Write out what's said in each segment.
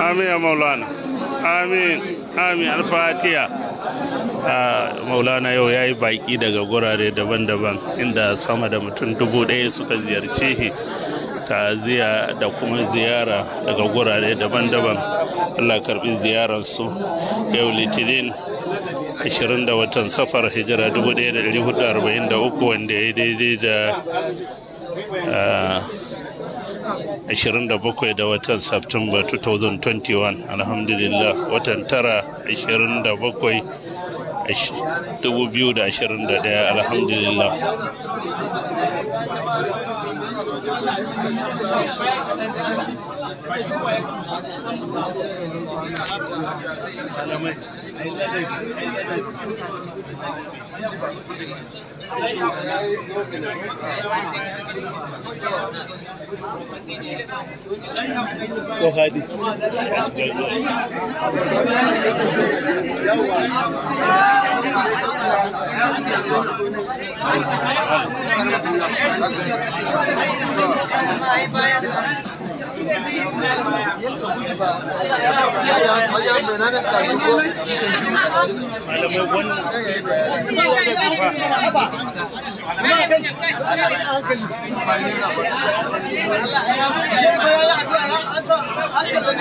amin ya maulana amin amin alfatiya ah, maulana yau ya yi baƙi daga gurare daban-daban inda sama da mutum dubu ɗaya suka ziyarce shi ta'aziyya da kuma ziyara daga gurare daban-daban allah karbi ziyararsu yau litinin 20 da watan safar hijira 1443 wanda ya daidai da ah, 27 da watan September 2021 alhamdulillah watan tara 27 2021 alhamdulillah Ko hadi. Yawa. wajen benanin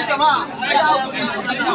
kasuwa ya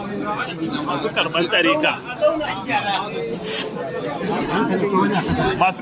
masu karban tarika masu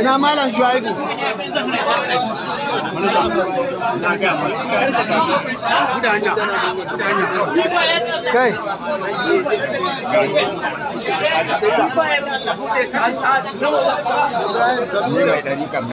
ina malam shuaibu kai Ibrahim